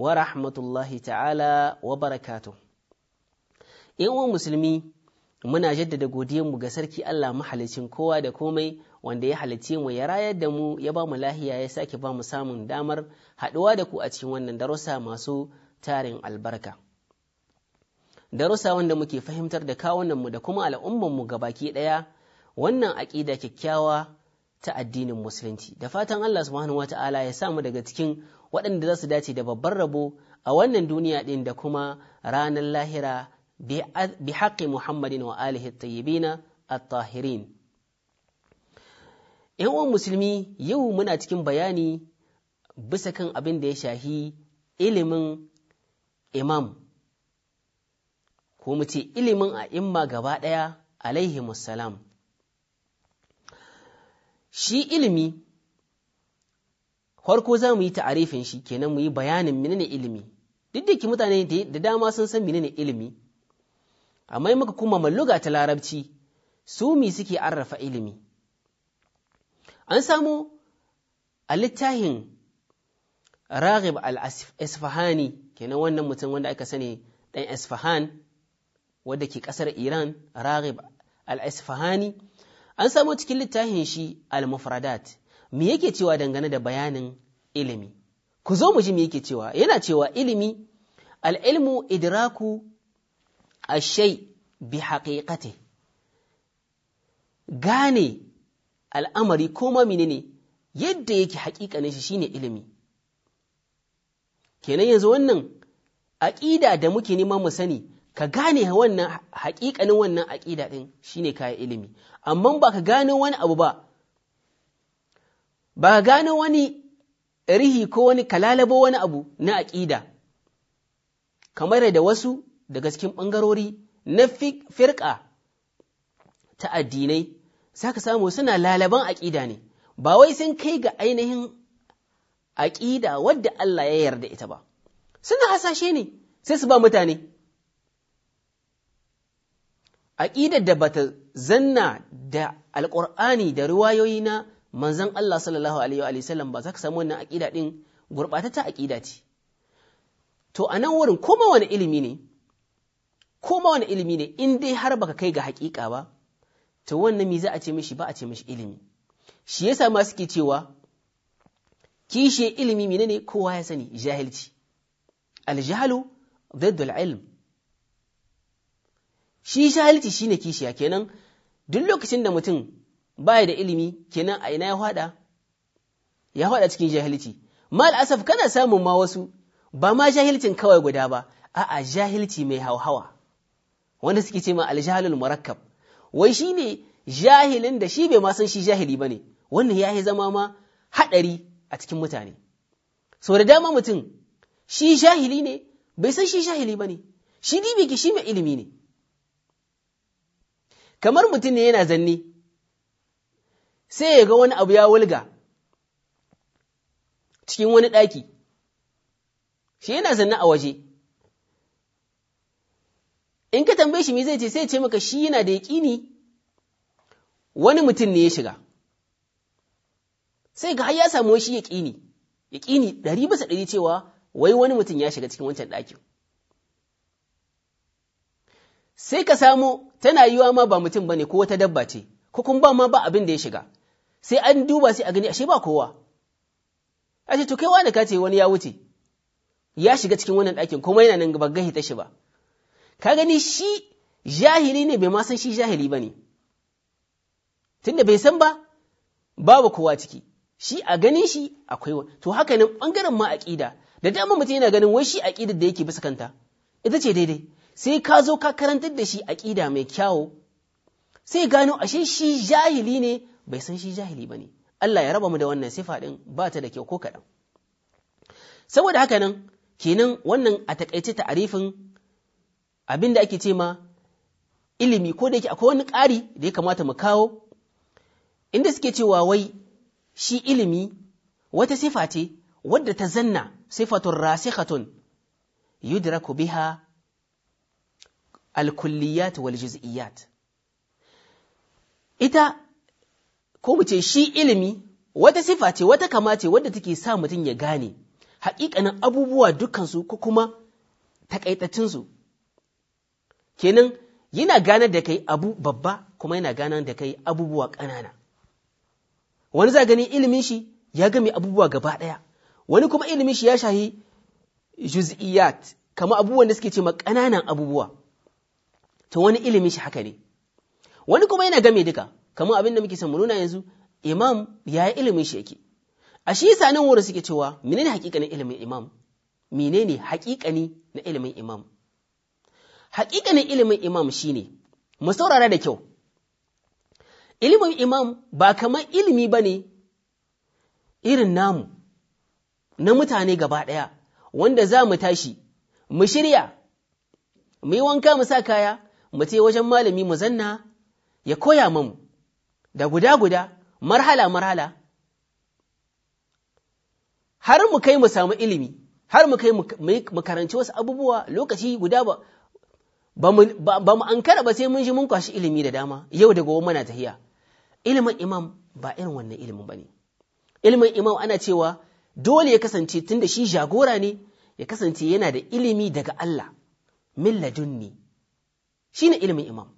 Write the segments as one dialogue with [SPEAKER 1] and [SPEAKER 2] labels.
[SPEAKER 1] wa rahmatullahi ta'ala wa barakatu. uwan musulmi muna jaddada mu ga sarki Allah mahalicin kowa da komai wanda ya halicce mu ya rayar da mu ya ba mu lahiya ya sake ba mu samun damar haɗuwa da ku a cikin wannan darussa masu tarin albarka. Darussa wanda muke fahimtar da kawunan mu da kuma al'ummanmu baki ɗaya wannan aƙida kyakkyawa ta addinin musulunci da fatan Allah subhanahu wa ta'ala ya samu daga cikin waɗanda za su dace da babban rabo a wannan duniya ɗin da kuma ranar lahira bi haƙƙi muhammadin wa alihi tayyibina at-tahirin ‘yan uwan musulmi yau muna cikin bayani bisa kan abin da ya shahi ilimin imam ko mu ce ilimin a imma gaba ɗaya alaihi musalam shi ilimi farko za mu yi ta'arifin shi kenan mu yi bayanin menene ilimi duk da ke mutane da dama sun san menene ilimi amma muka kuma malluga ta larabci su mi suke arrafa ilimi an samo a littafin raghib al-isfahani kenan wannan mutum wanda aka sani dan isfahan wadda ke kasar iran raghib al-isfahani an samo cikin littafin shi al-mufradat me yake cewa dangane da bayanin ilimi ku zo mu ji me yake cewa yana cewa ilimi al'ilmu idraku ashai bi haƙiƙate gane al'amari ko mamini ne yadda yake haƙiƙanin shi shine ilimi kenan yanzu wannan aƙida da muke neman mu sani ka gane wannan haƙiƙanin wannan aƙida ɗin shine kayan ilimi amma ba ka gane wani abu ba ba gane wani rihi ko wani kalalabo wani abu na aƙida, kamar da wasu daga cikin ɓangarori na firƙa ta addinai, za ka samu suna lalaban aƙida ne, ba wai sun kai ga ainihin aƙida wadda Allah ya yarda ita ba, suna hasashe ne sai su ba mutane. Aƙidar da bata zanna da alƙur'ani da riwayoyi na manzon Allah sallallahu alaihi wa sallam ba za ka samu wannan aƙida ɗin gurɓatatta aƙida ce to a nan wurin koma wani ilimi ne koma wani ilimi ne in dai har baka kai ga haƙiƙa ba to wannan me za a ce mishi ba a ce mishi ilimi shi yasa ma suke cewa kishi ilimi ne kowa ya sani jahilci aljahlu daddul ilm shi jahilci shine kishiya kenan duk lokacin da mutum baya da ilimi kenan a ina ya hwada ya hada cikin jahilci mal asaf kana samun ma wasu ba ma jahilcin kawai guda ba a'a jahilci mai hauhawa wanda suke ce ma aljahalul murakkab wai shine jahilin da shi bai ma san shi jahili bane wannan ya yi zama ma hadari a cikin mutane so da dama mutum shi jahili ne bai san shi jahili bane shi dibi ki shi mai ilimi ne kamar mutum ne yana zanne sai ya ga wani abu ya wulga cikin wani ɗaki, shi yana zanna a waje. In ka tambaye shi me zai ce sai ce maka shi yana da yaƙini wani mutum ne ya shiga, sai ga har ya samu shi yaƙini, yaƙini ɗari bisa ɗari cewa wai wani mutum ya shiga cikin wancan ɗakin. Sai ka samu tana yiwa ma ba mutum ba ne ko wata dabba ce, ko kuma ba ma ba abin da ya shiga, sai an duba sai a gani ashe ba kowa a ce to kai wani ka ce wani ya wuce ya shiga cikin wannan ɗakin kuma yana nan ba gahi ta shi ba ka gani shi jahili ne bai ma san shi jahili ba ne tunda bai san ba babu kowa ciki shi a ganin shi akwai wani to haka nan ɓangaren ma aƙida da dama mutum yana ganin wai shi aƙidar da yake bisa kanta ita ce daidai sai ka zo ka karantar da shi aƙida mai kyawo sai gano ashe shi jahili ne bai san shi jahili ba ne Allah ya raba mu da wannan sifa ɗin ba ta da kyau ko kaɗan saboda haka nan kenan wannan a taƙaice ta'arifin abin da ake ce ma ilimi ko da yake akwai wani ƙari da ya kamata mu kawo inda suke cewa wai shi ilimi wata sifa ce wadda ta zanna sifatun rasikhatun yudraku biha al-kulliyat wal juz'iyat ita ko mu ce shi ilimi wata sifa ce wata kama ce wadda take sa mutum ya gane haƙiƙanin abubuwa dukansu ko kuma takaitacinsu kenan yana gane da kai abu babba kuma yana gane da kai abubuwa ƙanana wani za gani ilimin shi ya gami abubuwa gaba ɗaya wani kuma ilimin shi ya shahi juz'iyat kama abubuwan da suke ce ma ƙananan abubuwa to wani ilimin shi haka ne wani kuma yana game duka kamar abin da muke mu nuna yanzu imam ya yi ilimin shi yake a shi yasa nan wurin suke cewa menene hakikanin ilimin imam menene hakikani na ilimin imam hakikanin ilimin imam shine mu saurara da kyau ilimin imam ba kamar ilimi bane irin namu na mutane gaba ɗaya wanda za mu tashi mu shirya mu yi wanka mu sa kaya mu je wajen malami mu zanna ya koya mamu da guda-guda, marhala-marhala, har mu kai mu samu ilimi, har mu kai mu karanci wasu abubuwa lokaci guda ba, ba mu ankara ba sai mun shi mun kwashi ilimi da dama, yau da gobe muna tahiya. Ilimin imam ba irin wannan ilimin ba ne. Ilimin imam ana cewa dole ya kasance tun da shi jagora ne, ya kasance yana da ilimi daga Allah, min ladunni, shi ilimin imam.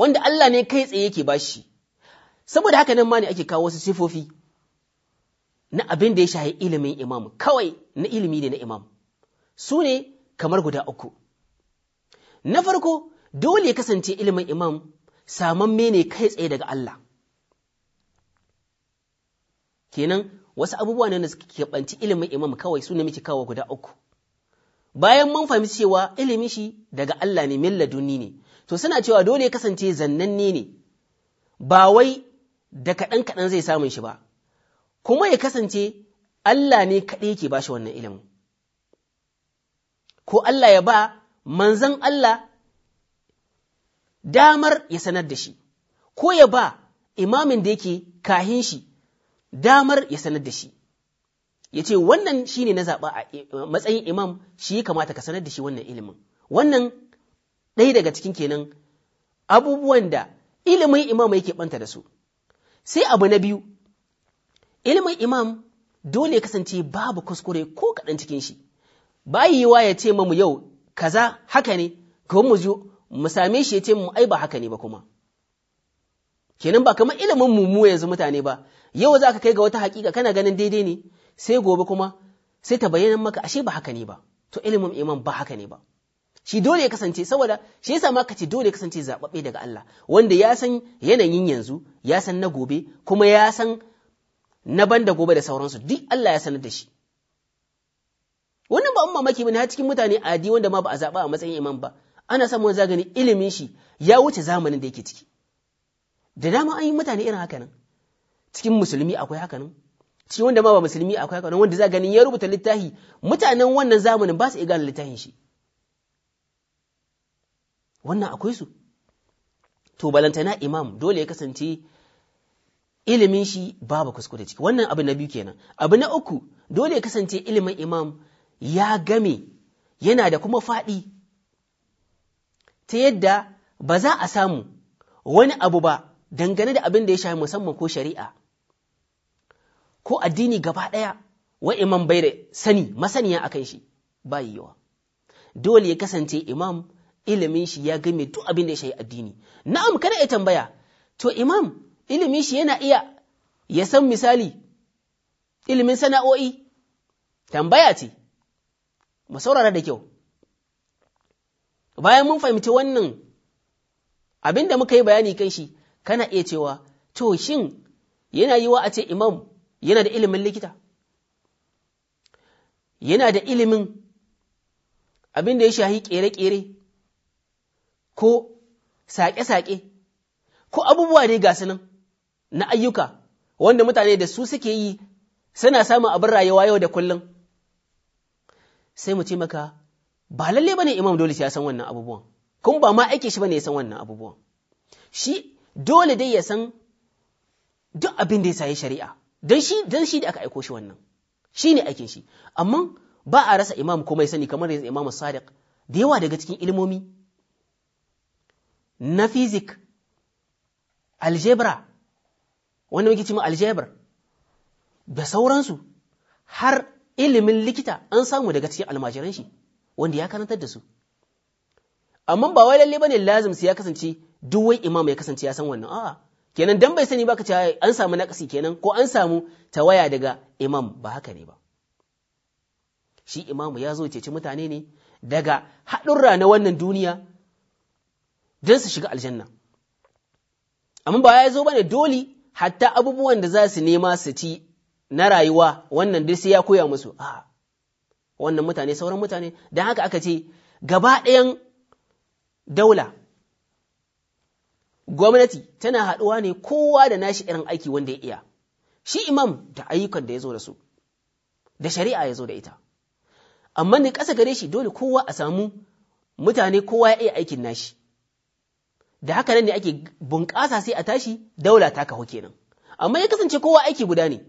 [SPEAKER 1] wanda Allah ne kai tsaye yake bashi saboda haka nan ma ne ake kawo wasu sifofi na abin da ya shahi ilimin imam kawai na ilimi ne na imam su ne kamar guda uku na farko dole ya kasance ilimin imam saman ne kai tsaye daga Allah kenan wasu abubuwa ne da suke keɓanci ilimin imam kawai su ne muke kawo guda uku bayan mun fahimci cewa ilimi shi daga Allah ne milladunni ne to suna cewa dole ya kasance zannanne ne ba wai da kaɗan kaɗan zai samun shi ba kuma ya kasance Allah ne kaɗai yake ba shi wannan ilimin ko Allah ya ba manzan Allah damar ya sanar da shi ko ya ba imamin da yake kahin shi damar ya sanar da shi ya ce wannan shi ne na zaɓa a matsayin imam shi ya kamata ka sanar da shi wannan ilimin wannan ɗaya daga cikin kenan abubuwan da ilimin imam yake ɓanta da su sai abu na biyu ilimin imam dole ya kasance babu kuskure ko kaɗan cikin shi yi yiwa ya ce mamu yau kaza haka ne kawai mu zo mu same shi ya ce mu ai ba haka ne ba kuma kenan ba kamar ilimin mu yanzu mutane ba yau za ka kai ga wata hakika kana ganin daidai ne sai gobe kuma sai ta bayyana maka ashe ba haka ne ba to ilimin imam ba haka ne ba shi dole ya kasance saboda shi yasa ma kace dole ya kasance zababbe daga Allah wanda ya san yanayin yanzu ya san na gobe kuma ya san na da gobe da sauransu duk Allah ya sanar da shi wannan ba umma maki bane har cikin mutane adi wanda ma ba a zaba a matsayin imam ba ana son wani zagani ilimin shi ya wuce zamanin da yake ciki da dama an yi mutane irin haka nan cikin musulmi akwai haka nan cikin wanda ma ba musulmi akwai haka nan wanda zagani ya rubuta littafi mutanen wannan zamanin ba su iya gane littafin shi wannan akwai su to balantana imam dole ya kasance ilimin shi babu kuskure ciki wannan abu na biyu kenan abu na uku dole ya kasance ilimin imam ya game yana da kuma faɗi ta yadda ba za a samu wani abu ba dangane da abin da ya shafi musamman ko shari'a ko addini gaba ɗaya wa imam bai da sani masaniya akan shi ba yiwa dole ya kasance imam ilimin shi ya game duk abin da ya shayi addini na'am kada iya tambaya to imam ilimin shi yana iya ya san misali ilimin sana'o'i tambaya ce mu saurara da kyau bayan mun fahimci wannan abin da muka yi bayani kan shi kana iya cewa to shin yana yiwa a ce imam yana da ilimin likita yana da ilimin abin da ya shahi kere-kere ko saƙe-saƙe ko abubuwa dai ga nan na ayyuka wanda mutane da su suke yi suna samun abin rayuwa yau da kullum sai mu ce maka ba lalle ne imam dole ya san wannan abubuwan kun ba ma aiki shi ba ne ya san wannan abubuwan shi dole dai ya san duk abin da ya sayi shari'a don shi da aka aiko shi wannan shi ne aikin shi amma ba a rasa imam komai sani kamar imam sadiq da yawa daga cikin ilmomi na fizik aljebra wanda muke cimo aljebar da sauransu har ilimin likita an samu daga cikin almajiran shi wanda ya karantar da su amma ba wai lalle bane lazim sai ya kasance duk wai imam ya kasance ya san wannan a'a kenan dan bai sani ba ka an samu nakasi kenan ko an samu tawaya daga imam ba haka ne ba shi imam ya zo ci mutane ne daga haɗurra na wannan duniya don su shiga aljanna amma ba ya zo bane dole hatta abubuwan da za su nema su ci na rayuwa wannan dai sai ya koya musu a wannan mutane sauran mutane don haka aka ce gaba ɗayan daula gwamnati tana haɗuwa ne kowa da nashi irin aiki wanda ya iya shi imam da ayyukan da ya zo da su da shari'a ya zo da ita amma ne ƙasa gare shi dole kowa a samu mutane kowa ya iya aikin nashi da haka nan ne ake bunƙasa sai a tashi daula ta kahu kenan amma ya kasance kowa aiki guda ne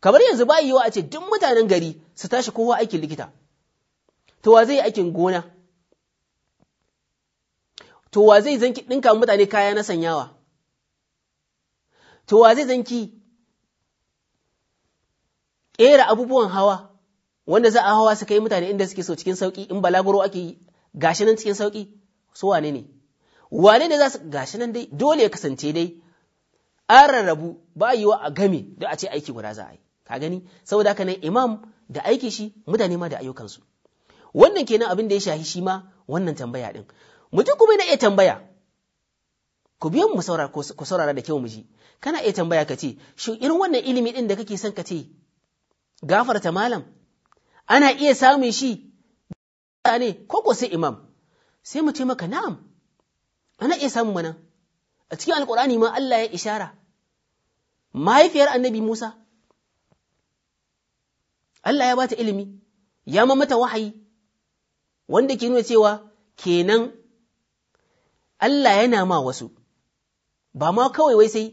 [SPEAKER 1] kamar yanzu ba yiwa a ce duk mutanen gari su tashi kowa aikin likita to wa zai aikin gona to wa zai zanki ɗinka mutane kaya na sanyawa to wa zai zanki ƙera abubuwan hawa wanda za a hawa su kai mutane inda suke so cikin sauƙi in balaguro ake yi gashi nan cikin sauƙi so wane ne wane ne za su gashi nan dai dole ya kasance dai an rarrabu ba yiwa a game da a ce aiki guda za a yi ka gani saboda haka nan imam da aiki shi mutane ma da ayyukansu wannan kenan abin da ya shahi shi ma wannan tambaya din mutum kuma na iya tambaya ku biyan mu saurara ku saurara da kyau mu kana iya tambaya ka ce shi irin wannan ilimi din da kake son ka ce gafarta malam ana iya samun shi ne ko ko sai imam sai mu ce maka na'am ana iya samun mana a cikin Alƙur'ani ma Allah ya ishara mahaifiyar annabi Musa Allah ya bata ilimi ya ma mata wahayi wanda ke nuna cewa kenan Allah yana ma wasu ba ma kawai wai sai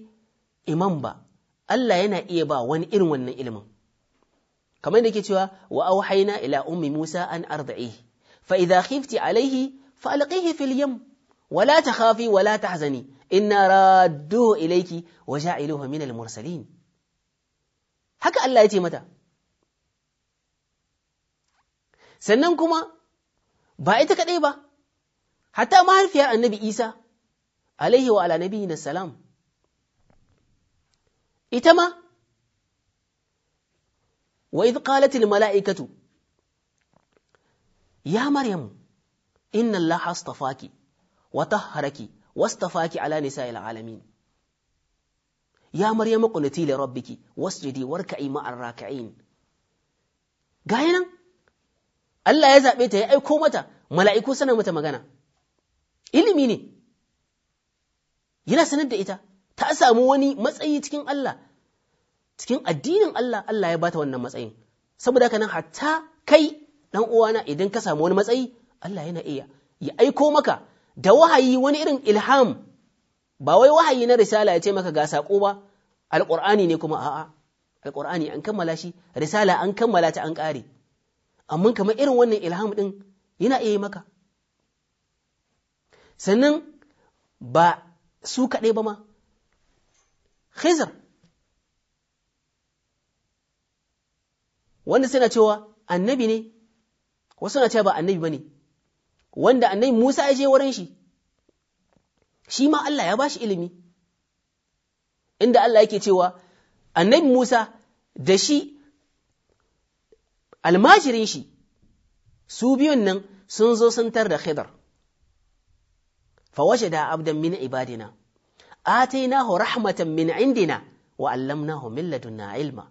[SPEAKER 1] imam ba Allah yana iya ba wani irin wannan ilimin kamar da ke cewa wa auhayna ila ummi Musa an arda'ihi fa idza khifti alayhi fa alqihi fil yam wala takhafi wala tahzani inna radduhu ilayki wa ja'iluhu minal mursalin haka Allah ya ce mata sannan kuma ba ita kadai ba hatta mahaifiyar annabi Isa alaihi wa ala nabiyina salam ita ma wa idh qalat mala'ikatu ya maryam inna allaha astafaki wa tahharaki wastafaki ala nisa'il alamin ya marya maryamu qunuti li rabbiki wasjudi warka'i ma'ar raki'in gaya nan Allah ya zaɓe ta ya aiko mata mala'iku sana mata magana ilimi ne yana sanar da ita ta samu wani matsayi cikin Allah cikin addinin Allah Allah ya bata wannan matsayin saboda haka nan hatta kai dan uwana idan ka samu wani matsayi Allah ya na iya ya aiko maka da wahayi wani irin ilham ba wai wahayi na risala ya ce maka ga sako ba alƙur'ani ne kuma a'a alƙur'ani an kammala shi risala an kammala ta an ƙare amma kamar irin wannan ilham ɗin yana iya maka sannan ba su kaɗai ba ma khizar wanda suna cewa annabi ne wasu na cewa ba annabi ba ne wanda annabi Musa ya je wurin shi shi ma Allah ya bashi ilimi inda Allah yake cewa annabi Musa da shi almajirin shi su biyun nan sun zo sun tar da khidar fa da abdan min ibadina atainahu rahmatan min indina wa allamnahu min ladunna ilma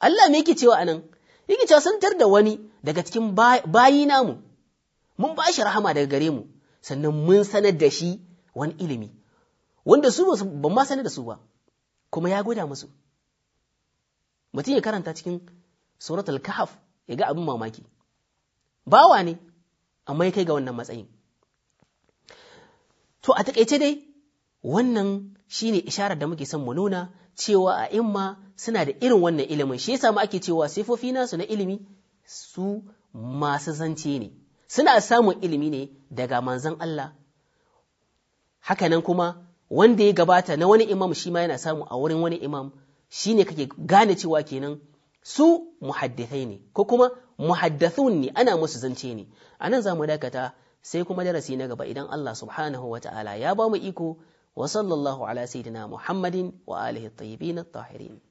[SPEAKER 1] Allah me yake cewa anan yake cewa sun tar da wani daga cikin bayi namu mun ba shi rahama daga gare mu sannan mun sanar da shi wani ilimi wanda su ba ma sanar da su ba kuma ya gwada musu mutum ya karanta cikin surat al-kahf ya ga abin mamaki bawa ne amma ya kai ga wannan matsayin to a takaice dai wannan shine isharar da muke son mu nuna cewa a imma suna da irin wannan ilimin shi yasa mu ake cewa sifofi nasu na ilimi su masu zance ne suna samun ilimi ne daga manzan Allah hakanan kuma wanda ya gabata na wani imam shi ma yana samu a wurin wani imam shi ne kake gane cewa kenan su muhaddithai ne ko kuma muhaddathun ne ana musu zance ne a nan za mu dakata sai kuma darasi na gaba idan Allah subhanahu wa ta'ala ya ba mu iko wa sallallahu ala sayyidina Muhammadin wa alihi tayyibin tahirin